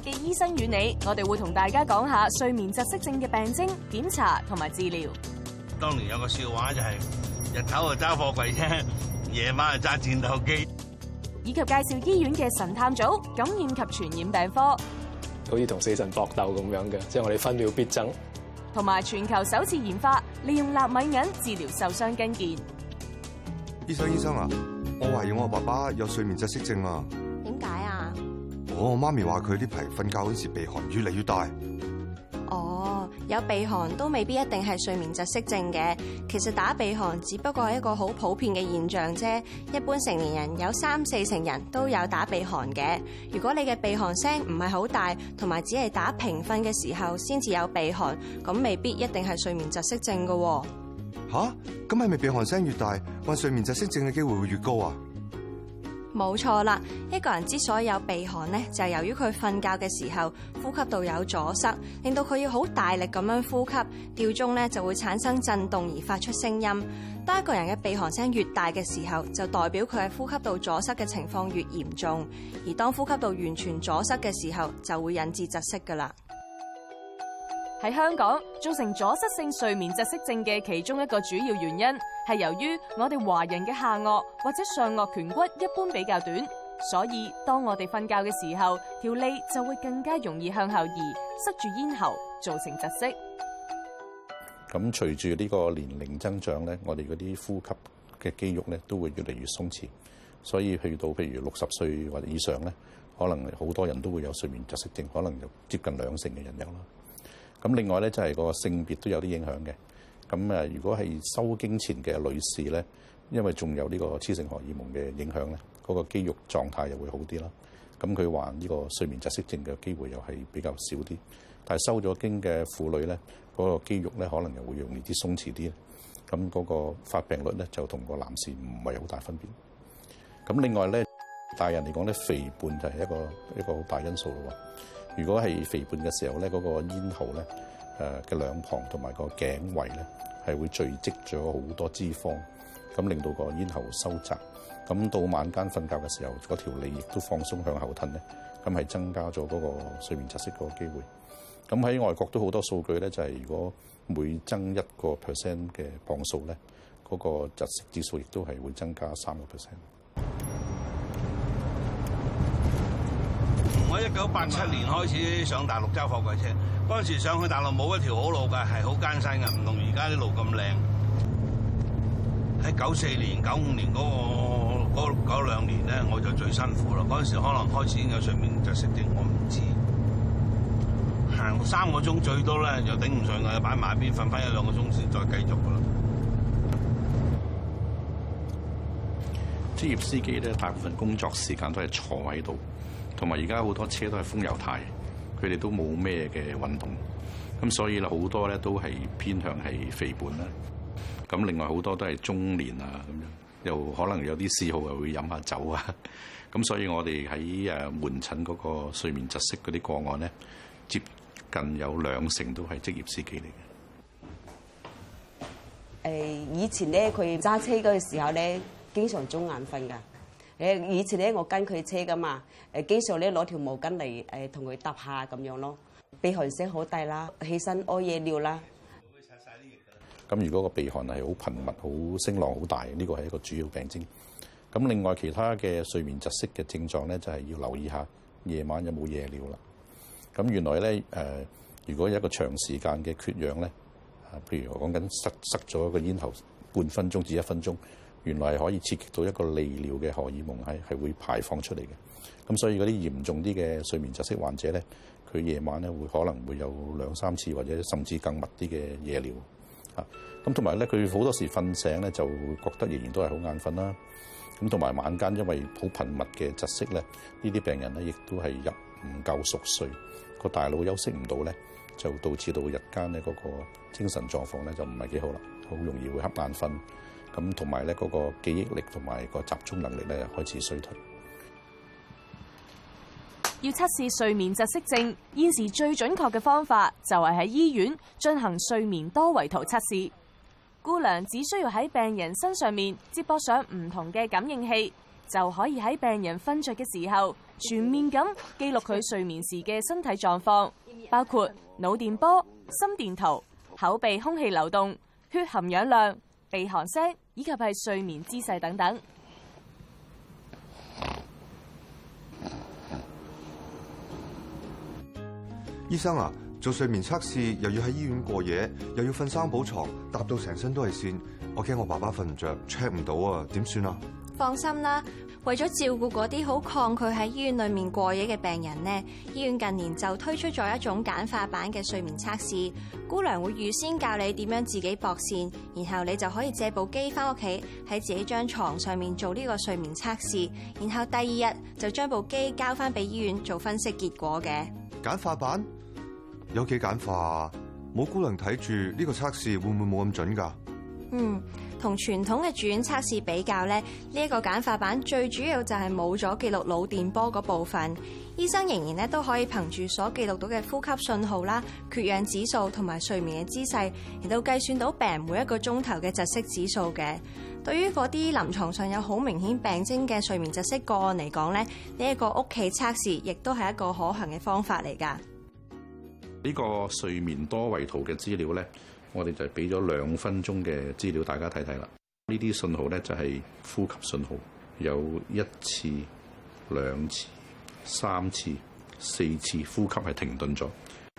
嘅醫生與你，我哋會同大家講下睡眠窒息症嘅病徵、檢查同埋治療。當年有個笑話就係、是，日頭啊揸貨櫃車，夜晚啊揸戰鬥機。以及介紹醫院嘅神探組、感染及傳染病科，好似同死神搏鬥咁樣嘅，即係我哋分秒必爭。同埋全球首次研發，利用納米銀治療受傷筋腱。醫生醫生啊，我懷疑我爸爸有睡眠窒息症啊。我媽咪話佢呢排瞓覺嗰時鼻鼾越嚟越大。哦、oh，有鼻鼾都未必一定係睡眠窒息症嘅。其實打鼻鼾只不過係一個好普遍嘅現象啫。一般成年人有三四成人都有打鼻鼾嘅。如果你嘅鼻鼾聲唔係好大，同埋只係打平瞓嘅時候先至有鼻鼾，咁未必一定係睡眠窒息症㗎喎。吓，咁係咪鼻鼾聲越大，患睡眠窒息症嘅機會會越高啊？冇錯啦，一個人之所以有鼻鼾咧，就係由於佢瞓覺嘅時候呼吸道有阻塞，令到佢要好大力咁樣呼吸，吊鐘咧就會產生震動而發出聲音。當一個人嘅鼻鼾聲越大嘅時候，就代表佢喺呼吸道阻塞嘅情況越嚴重，而當呼吸道完全阻塞嘅時候，就會引致窒息噶啦。喺香港造成阻塞性睡眠窒息症嘅其中一個主要原因，係由於我哋華人嘅下顎或者上顎顴骨一般比較短，所以當我哋瞓覺嘅時候，條脷就會更加容易向後移，塞住咽喉，造成窒息。咁隨住呢個年齡增長咧，我哋嗰啲呼吸嘅肌肉咧都會越嚟越鬆弛，所以去到譬如六十歲或者以上咧，可能好多人都會有睡眠窒息症，可能就接近兩成嘅人有啦。咁另外咧，就係個性別都有啲影響嘅。咁誒，如果係收經前嘅女士咧，因為仲有呢個雌性荷爾蒙嘅影響咧，嗰個肌肉狀態又會好啲啦。咁佢患呢個睡眠窒息症嘅機會又係比較少啲。但係收咗經嘅婦女咧，嗰個肌肉咧可能又會容易啲鬆弛啲。咁嗰個發病率咧就同個男士唔係好大分別。咁另外咧，大人嚟講咧，肥胖就係一個一個好大因素咯。如果係肥胖嘅時候咧，嗰個咽喉咧，誒嘅兩旁同埋個頸圍咧，係會聚積咗好多脂肪，咁令到個咽喉收窄，咁到晚間瞓覺嘅時候，嗰條脷亦都放鬆向後吞咧，咁係增加咗嗰個睡眠窒息嗰個機會。咁喺外國都好多數據咧，就係如果每增一個 percent 嘅磅數咧，嗰個窒息指數亦都係會增加三個 percent。我一九八七年開始上大陸揸貨櫃車，嗰陣時上去大陸冇一條好路㗎，係好艱辛㗎，唔同而家啲路咁靚。喺九四年、九五年嗰個嗰嗰兩年咧，我就最辛苦啦。嗰陣時可能開始有上面就識啲，我唔知行三個鐘最多咧，又頂唔順㗎，擺埋一邊瞓翻一兩個鐘先再繼續㗎啦。職業司機咧，大部分工作時間都係坐喺度。同埋而家好多車都係風油軚，佢哋都冇咩嘅運動，咁所以啦，好多咧都係偏向係肥胖啦，咁另外好多都係中年啊，咁樣，又可能有啲嗜好又會飲下酒啊，咁所以我哋喺誒門診嗰個睡眠窒息嗰啲個案咧，接近有兩成都係職業司機嚟嘅。誒以前咧佢揸車嗰個時候咧，經常中眼瞓㗎。誒以前咧，我跟佢車噶嘛，誒經常咧攞條毛巾嚟誒同佢搭下咁樣咯。鼻鼾聲好大啦，起身屙夜尿啦。咁如果個鼻鼾係好頻密、好聲浪、好大，呢個係一個主要病徵。咁另外其他嘅睡眠窒息嘅症狀咧，就係要留意下夜晚有冇夜尿啦。咁原來咧誒、呃，如果有一個長時間嘅缺氧咧，譬如我講緊塞塞咗個咽喉半分鐘至一分鐘。原來係可以刺激到一個利尿嘅荷爾蒙，係係會排放出嚟嘅。咁所以嗰啲嚴重啲嘅睡眠窒息患者咧，佢夜晚咧會可能會有兩三次或者甚至更密啲嘅夜尿啊，咁同埋咧佢好多時瞓醒咧就會覺得仍然都係好眼瞓啦。咁同埋晚間因為好頻密嘅窒息咧，呢啲病人咧亦都係入唔夠熟睡，個大腦休息唔到咧，就導致到日間咧嗰個精神狀況咧就唔係幾好啦，好容易會瞌眼瞓。咁同埋咧，嗰個記憶力同埋個集中能力咧，開始衰退。要測試睡眠窒息症，現時最準確嘅方法就係喺醫院進行睡眠多維圖測試，姑娘只需要喺病人身上面接駁上唔同嘅感應器，就可以喺病人瞓着嘅時候全面咁記錄佢睡眠時嘅身體狀況，包括腦電波、心電圖、口鼻空氣流動、血含氧量、鼻鼾聲。以及係睡眠姿勢等等。醫生啊，做睡眠測試又要喺醫院過夜，又要瞓三寶床，搭到成身都係線。我驚我爸爸瞓唔着，check 唔到啊，點算啊？放心啦。為咗照顧嗰啲好抗拒喺醫院裏面過夜嘅病人呢，醫院近年就推出咗一種簡化版嘅睡眠測試。姑娘會預先教你點樣自己駁線，然後你就可以借部機翻屋企，喺自己張床上面做呢個睡眠測試，然後第二日就將部機交翻俾醫院做分析結果嘅。簡化版？有幾簡化？冇姑娘睇住呢個測試會唔會冇咁準噶？嗯。同傳統嘅住院測試比較咧，呢一個簡化版最主要就係冇咗記錄腦電波嗰部分。醫生仍然咧都可以憑住所記錄到嘅呼吸信號啦、缺氧指數同埋睡眠嘅姿勢，嚟到計算到病人每一個鐘頭嘅窒息指數嘅。對於嗰啲臨床上有好明顯病徵嘅睡眠窒息個案嚟講咧，呢一個屋企測試亦都係一個可行嘅方法嚟㗎。呢個睡眠多維圖嘅資料咧。我哋就係俾咗兩分鐘嘅資料，大家睇睇啦。呢啲信號呢，就係呼吸信號，有一次、兩次、三次、四次呼吸係停頓咗。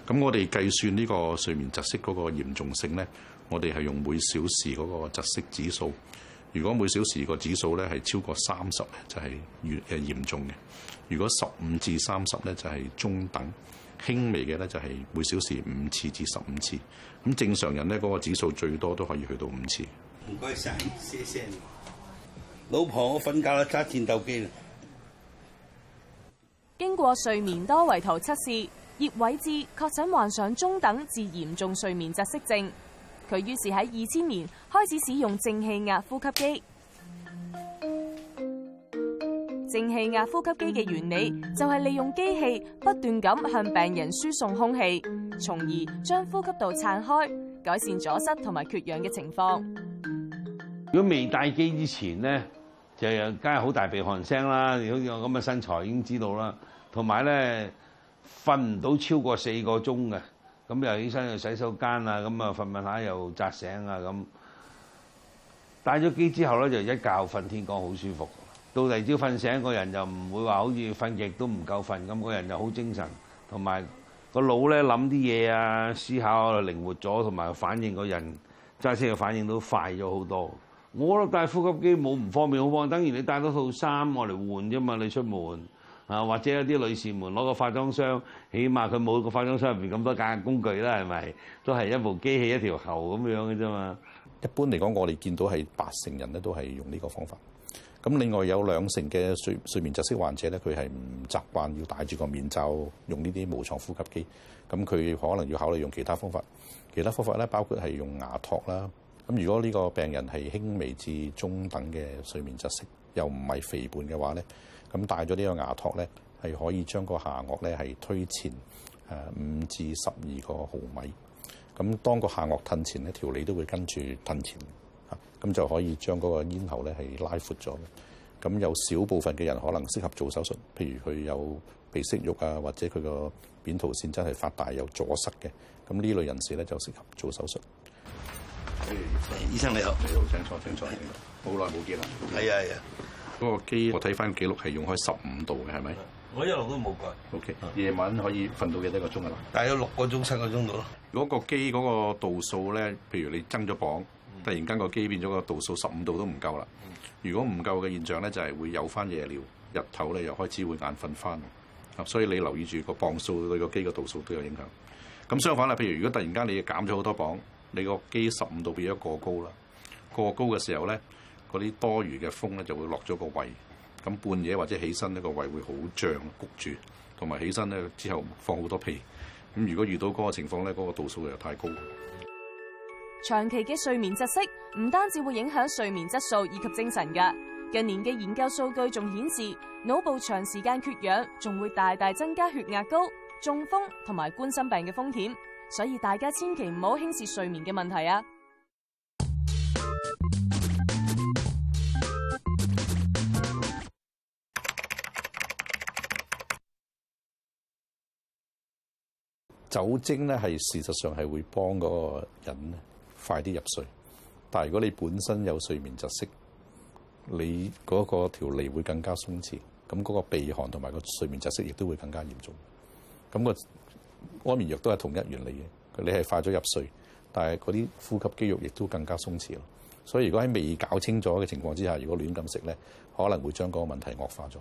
咁我哋計算呢個睡眠窒息嗰個嚴重性呢，我哋係用每小時嗰個窒息指數。如果每小時個指數呢係超過三十，就係越誒嚴重嘅；如果十五至三十呢，就係中等。輕微嘅呢，就係每小時五次至十五次，咁正常人呢，嗰個指數最多都可以去到五次。唔該曬，謝謝。謝謝。老婆，我了，我瞓覺啦，揸戰鬥機啦。經過睡眠多維圖測試，葉偉智確診患上中等至嚴重睡眠窒息症，佢於是喺二千年開始使用正氣壓呼吸機。正氣壓呼吸機嘅原理就係利用機器不斷咁向病人輸送空氣，從而將呼吸道撐開，改善阻塞同埋缺氧嘅情況。如果未戴機之前咧，就有梗係好大鼻鼾聲啦，好似我咁嘅身材已經知道啦，同埋咧瞓唔到超過四個鐘嘅，咁又起身去洗手間啊，咁啊瞓瞓下又扎醒啊，咁戴咗機之後咧就一覺瞓天光，好舒服。到第二朝瞓醒，個人就唔會話好似瞓極都唔夠瞓咁，個人就好精神，同埋個腦咧諗啲嘢啊，思考啊靈活咗，同埋反應，個人揸車嘅反應都快咗好多。我都戴呼吸機冇唔方便，好過等於你帶多一套衫我嚟換啫嘛，你出門啊，或者有啲女士們攞個化妝箱，起碼佢冇個化妝箱入邊咁多揀嘅工具啦，係咪都係一部機器一條喉咁樣嘅啫嘛。一般嚟講，我哋見到係八成人咧都係用呢個方法。咁另外有兩成嘅睡睡眠窒息患者咧，佢係唔習慣要戴住個面罩用呢啲無創呼吸機，咁佢可能要考慮用其他方法。其他方法咧，包括係用牙托啦。咁如果呢個病人係輕微至中等嘅睡眠窒息，又唔係肥胖嘅話咧，咁戴咗呢個牙托咧，係可以將個下顎咧係推前誒五至十二個毫米。咁當個下顎褪前咧，條脷都會跟住褪前。咁就可以將嗰個咽喉咧係拉闊咗。咁有少部分嘅人可能適合做手術，譬如佢有鼻息肉啊，或者佢個扁桃腺真係發大又阻塞嘅。咁呢類人士咧就適合做手術。醫生，你好，你好，清楚，清楚。好耐冇見啦。係啊，係啊。OK? 嗰個機我睇翻記錄係用開十五度嘅，係咪？我一路都冇改。ok。夜晚可以瞓到幾多個鐘啊？大約六個鐘、七個鐘度咯。如果個機嗰個度數咧，譬如你增咗磅。突然間個機變咗個度數十五度都唔夠啦。如果唔夠嘅現象咧，就係會有返夜尿。日頭咧又開始會眼瞓翻。啊，所以你留意住個磅數對個機個度數都有影響。咁相反啦，譬如如果突然間你減咗好多磅，你個機十五度變咗過高啦。過高嘅時候咧，嗰啲多餘嘅風咧就會落咗個胃。咁半夜或者起身呢那個胃會好脹，谷住，同埋起身咧之後放好多屁。咁如果遇到嗰個情況咧，嗰個度數又太高。長期嘅睡眠窒息唔單止會影響睡眠質素以及精神嘅，近年嘅研究數據仲顯示腦部長時間缺氧仲會大大增加血壓高、中風同埋冠心病嘅風險，所以大家千祈唔好輕視睡眠嘅問題啊！酒精呢係事實上係會幫嗰個人，快啲入睡，但係如果你本身有睡眠窒息，你嗰個條脷會更加鬆弛，咁嗰個鼻鼾同埋個睡眠窒息亦都會更加嚴重。咁個安眠藥都係同一原理嘅，你係快咗入睡，但係嗰啲呼吸肌肉亦都更加鬆弛咯。所以如果喺未搞清楚嘅情況之下，如果亂咁食咧，可能會將嗰個問題惡化咗。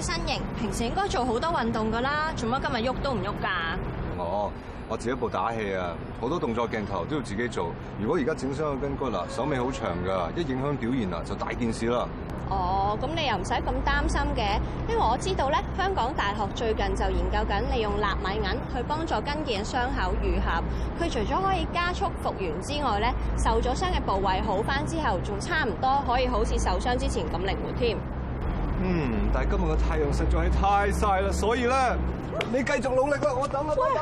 身形平時應該做好多運動㗎啦，做乜今日喐都唔喐㗎？我、哦、我自己部打戲啊，好多動作鏡頭都要自己做。如果而家整傷個筋骨啦，手尾好長㗎，一影響表現啊，就大件事啦。哦，咁你又唔使咁擔心嘅，因為我知道咧，香港大學最近就研究緊利用納米銀去幫助筋腱傷口愈合。佢除咗可以加速復原之外咧，受咗傷嘅部位好返之後，仲差唔多可以好似受傷之前咁靈活添。嗯。但係今日嘅太陽實在係太晒啦，所以咧，你繼續努力啦，我等啦，拜拜。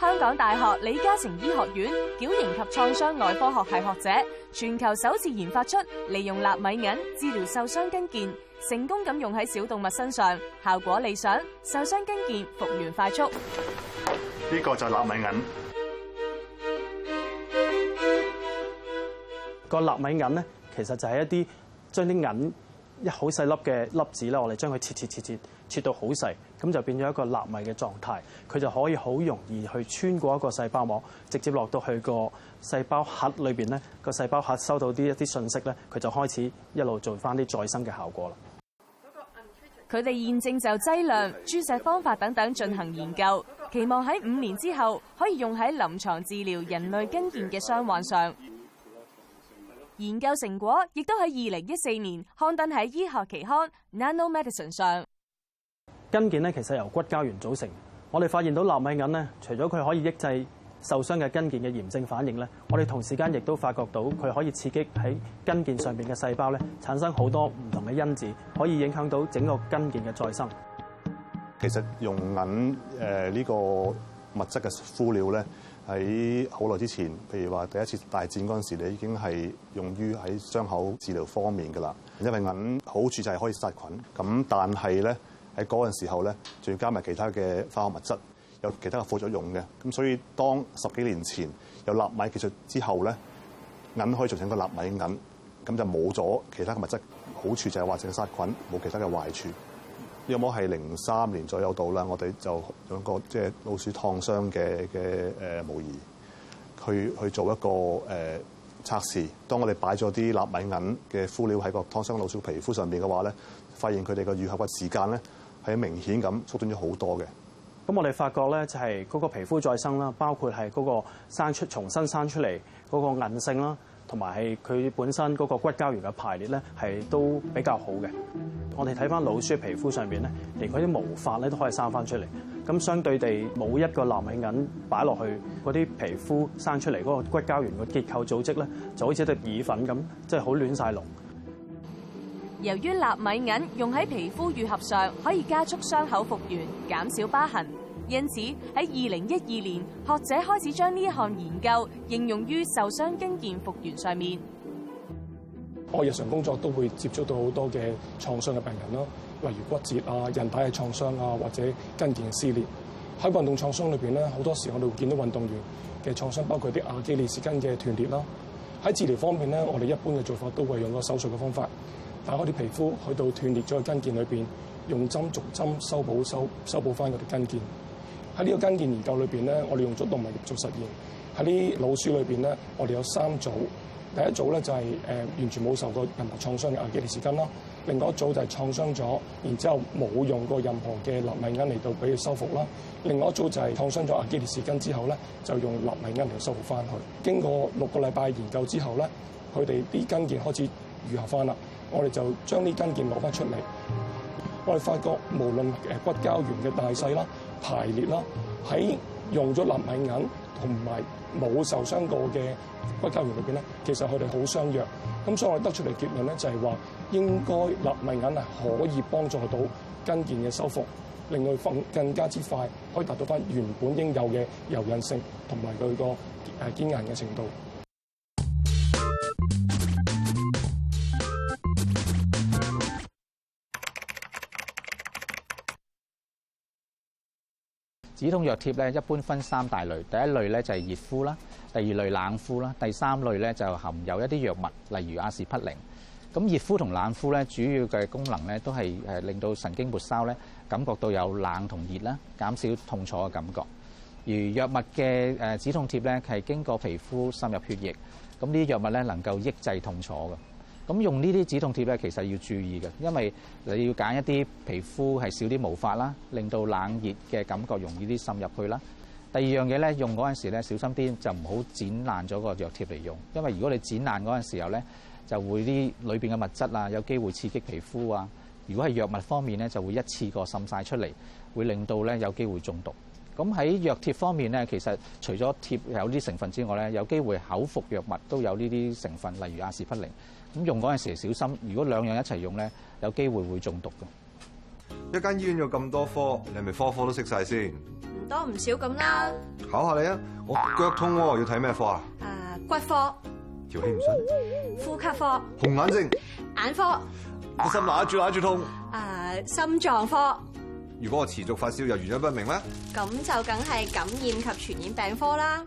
香港大學李嘉誠醫學院矯形及創傷外科學係學者，全球首次研發出利用納米銀治療受傷筋腱，成功咁用喺小動物身上，效果理想，受傷筋腱復原快速。呢個就係納米銀。個納米銀咧，其實就係一啲將啲銀一好細粒嘅粒子咧，我哋將佢切切切切切到好細，咁就變咗一個納米嘅狀態。佢就可以好容易去穿過一個細胞膜，直接落到去個細胞核裏邊咧。個細胞核收到啲一啲信息咧，佢就開始一路做翻啲再生嘅效果啦。佢哋現正就劑量、注射方法等等進行研究，期望喺五年之後可以用喺臨床治療人類筋腱嘅傷患上。研究成果亦都喺二零一四年刊登喺醫學期刊《Nano Medicine》上。筋腱咧，其實由骨膠原組成。我哋發現到納米銀咧，除咗佢可以抑制受傷嘅筋腱嘅炎症反應咧，我哋同時間亦都發覺到佢可以刺激喺筋腱上邊嘅細胞咧，產生好多唔同嘅因子，可以影響到整個筋腱嘅再生。其實用銀誒呢個物質嘅敷料咧。喺好耐之前，譬如話第一次大戰嗰陣時，你已經係用於喺傷口治療方面噶啦。因為銀好處就係可以殺菌咁，咁但係咧喺嗰陣時候咧，仲要加埋其他嘅化學物質，有其他嘅副作用嘅。咁所以當十幾年前有納米技術之後咧，銀可以做成個納米銀，咁就冇咗其他嘅物質，好處就係話淨係殺菌，冇其他嘅壞處。有冇係零三年左右到咧？我哋就有個即係老鼠燙傷嘅嘅誒模擬，去去做一個誒、呃、測試。當我哋擺咗啲納米銀嘅敷料喺個燙傷老鼠皮膚上邊嘅話咧，發現佢哋嘅愈合嘅時間咧係明顯咁縮短咗好多嘅。咁我哋發覺咧就係、是、嗰個皮膚再生啦，包括係嗰個生出重新生出嚟嗰個韌性啦。同埋係佢本身嗰個骨膠原嘅排列咧，係都比較好嘅。我哋睇翻老鼠嘅皮膚上邊咧，連佢啲毛髮咧都可以生翻出嚟。咁相對地，冇一個納米銀擺落去，嗰啲皮膚生出嚟嗰個骨膠原嘅結構組織咧，就好似一粒耳粉咁，即係好亂晒龍。由於納米銀用喺皮膚愈合上，可以加速傷口復原，減少疤痕。因此喺二零一二年，學者開始將呢一項研究應用於受傷筋腱復原上面。我日常工作都會接觸到好多嘅創傷嘅病人啦，例如骨折啊、韌帶嘅創傷啊，或者筋腱撕裂。喺運動創傷裏邊咧，好多時我哋會見到運動員嘅創傷，包括啲阿基里斯腱嘅斷裂啦。喺治療方面咧，我哋一般嘅做法都會用個手術嘅方法，打開啲皮膚去到斷裂咗嘅筋腱裏邊，用針逐針修補修修補翻我哋筋腱。喺呢個跟腱研究裏邊咧，我哋用咗動物做實驗。喺呢啲老鼠裏邊咧，我哋有三組，第一組咧就係、是、誒、呃、完全冇受過任何創傷嘅阿基里斯腱啦，另外一組就係創傷咗，然之後冇用過任何嘅立米銀嚟到俾佢修復啦，另外一組就係創傷咗阿基里斯腱之後咧，就用立米銀嚟修復翻去。經過六個禮拜研究之後咧，佢哋啲跟腱開始愈合翻啦，我哋就將啲跟腱攞翻出嚟。我哋發覺，無論誒骨膠原嘅大細啦、排列啦，喺用咗納米銀同埋冇受傷過嘅骨膠原裏邊咧，其實佢哋好相若咁，所以我哋得出嚟結論咧，就係話應該納米銀係可以幫助到跟腱嘅修復，令佢分更加之快，可以達到翻原本應有嘅柔韌性同埋佢個誒堅硬嘅程度。止痛藥貼咧，一般分三大類。第一類咧就係熱敷啦，第二類冷敷啦，第三類咧就含有一啲藥物，例如阿士匹靈。咁熱敷同冷敷咧，主要嘅功能咧都係誒令到神經末梢咧感覺到有冷同熱啦，減少痛楚嘅感覺。而藥物嘅誒止痛貼咧，係經過皮膚滲入血液，咁呢啲藥物咧能夠抑制痛楚嘅。咁用呢啲止痛貼咧，其實要注意嘅，因為你要揀一啲皮膚係少啲毛髮啦，令到冷熱嘅感覺容易啲滲入去啦。第二樣嘢咧，用嗰陣時咧，小心啲就唔好剪爛咗個藥貼嚟用，因為如果你剪爛嗰陣時候咧，就會啲裏邊嘅物質啊，有機會刺激皮膚啊。如果係藥物方面咧，就會一次過滲晒出嚟，會令到咧有機會中毒。咁喺藥貼方面咧，其實除咗貼有啲成分之外咧，有機會口服藥物都有呢啲成分，例如阿士匹靈。咁用嗰陣時小心，如果兩樣一齊用咧，有機會會中毒嘅。一間醫院有咁多科，你係咪科科都識晒先？唔多唔少咁啦。考下你啊！我腳痛喎，要睇咩科啊？誒，骨科。條氣唔順。呼吸科。紅眼睛。眼科。個心揦住揦住痛。誒、啊、心臟科。如果我持續發燒又原因不明咧？咁就梗係感染及傳染病科啦。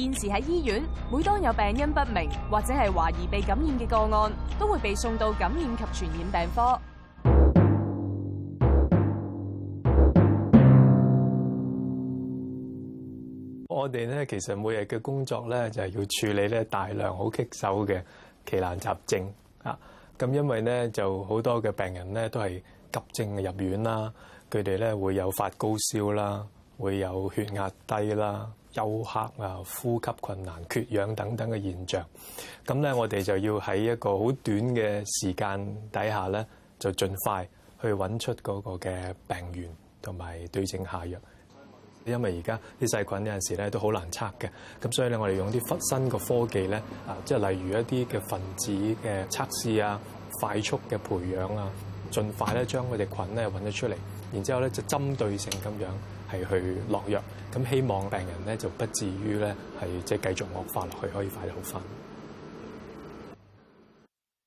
現時喺醫院，每當有病因不明或者係懷疑被感染嘅個案，都會被送到感染及傳染病科。我哋咧，其實每日嘅工作咧就係要處理咧大量好棘手嘅奇難雜症。咁因為咧就好多嘅病人咧都係急症入院啦，佢哋咧會有發高燒啦。會有血壓低啦、休克啊、呼吸困難、缺氧等等嘅現象。咁咧，我哋就要喺一個好短嘅時間底下咧，就盡快去揾出嗰個嘅病原同埋對症下藥。因為而家啲細菌有陣時咧都好難測嘅，咁所以咧我哋用啲忽新嘅科技咧啊，即係例如一啲嘅分子嘅測試啊、快速嘅培養啊，盡快咧將佢哋菌咧揾咗出嚟，然之後咧就針對性咁樣。係去落藥，咁希望病人咧就不至於咧係即係繼續惡化落去，可以快啲好返。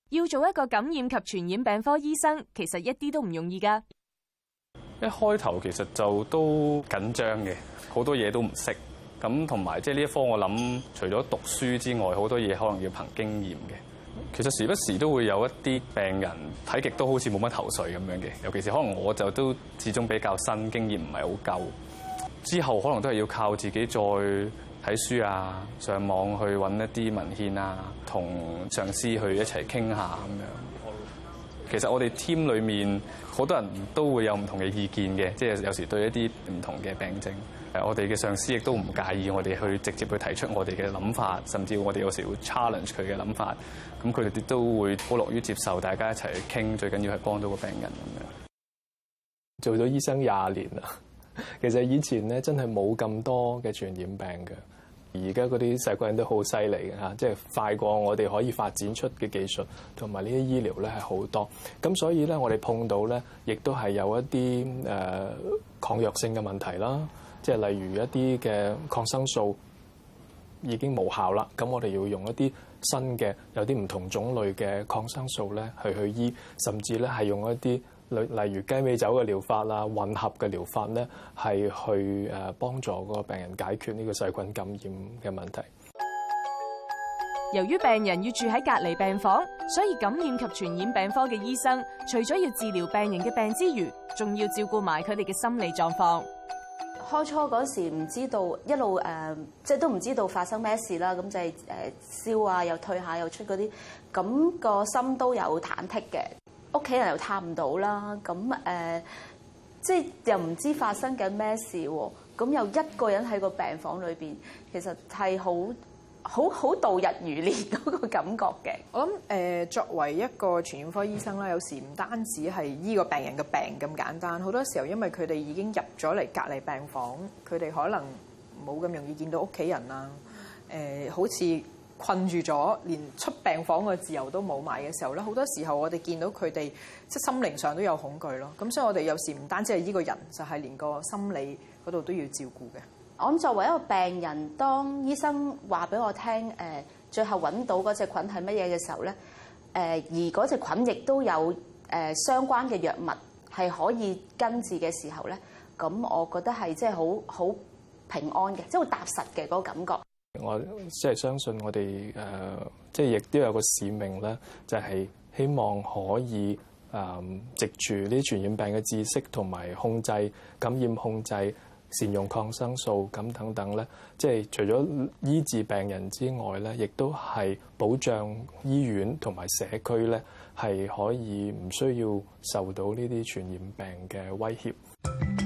要做一個感染及傳染病科醫生，其實一啲都唔容易㗎。一開頭其實就都緊張嘅，好多嘢都唔識。咁同埋即係呢一科，我諗除咗讀書之外，好多嘢可能要憑經驗嘅。其實時不時都會有一啲病人睇極都好似冇乜頭緒咁樣嘅，尤其是可能我就都始終比較新經驗唔係好夠，之後可能都係要靠自己再睇書啊，上網去揾一啲文獻啊，同上司去一齊傾下咁樣。其實我哋 team 裡面好多人都會有唔同嘅意見嘅，即係有時對一啲唔同嘅病症。誒，我哋嘅上司亦都唔介意，我哋去直接去提出我哋嘅諗法，甚至我哋有時候會 challenge 佢嘅諗法。咁佢哋都都會好樂於接受，大家一齊去傾，最緊要係幫到個病人咁樣。做咗醫生廿年啦，其實以前咧真係冇咁多嘅傳染病嘅。而家嗰啲細個人都好犀利嘅吓，即係快過我哋可以發展出嘅技術同埋呢啲醫療咧係好多。咁所以咧，我哋碰到咧亦都係有一啲誒、呃、抗藥性嘅問題啦。即係例如一啲嘅抗生素已經無效啦，咁我哋要用一啲新嘅有啲唔同種類嘅抗生素咧去去醫，甚至咧係用一啲例例如雞尾酒嘅療法啦，混合嘅療法咧係去誒幫助個病人解決呢個細菌感染嘅問題。由於病人要住喺隔離病房，所以感染及傳染病科嘅醫生除咗要治療病人嘅病之餘，仲要照顧埋佢哋嘅心理狀況。初初嗰時唔知道，一路誒、呃，即係都唔知道發生咩事啦。咁就係誒燒啊，又退下，又出嗰啲，咁個心都有忐忑嘅。屋企人又探唔到啦，咁誒、呃，即係又唔知發生緊咩事喎。咁又一個人喺個病房裏邊，其實係好好好度日如年嗰個感覺嘅，我諗誒作為一個傳染科醫生啦，有時唔單止係醫個病人嘅病咁簡單，好多時候因為佢哋已經入咗嚟隔離病房，佢哋可能冇咁容易見到屋企人啦，誒、呃、好似困住咗，連出病房嘅自由都冇埋嘅時候咧，好多時候我哋見到佢哋即係心靈上都有恐懼咯。咁所以我哋有時唔單止係醫個人，就係、是、連個心理嗰度都要照顧嘅。我諗作為一個病人，當醫生話俾我聽，誒、呃、最後揾到嗰隻菌係乜嘢嘅時候咧，誒、呃、而嗰隻菌亦都有誒、呃、相關嘅藥物係可以根治嘅時候咧，咁我覺得係即係好好平安嘅，即係好踏實嘅嗰、那個感覺。我即係、就是、相信我哋誒，即、呃、係、就是、亦都有個使命咧，就係、是、希望可以啊，藉住呢啲傳染病嘅知識同埋控制感染控制。善用抗生素咁等等咧，即係除咗醫治病人之外咧，亦都係保障醫院同埋社區咧，係可以唔需要受到呢啲傳染病嘅威脅。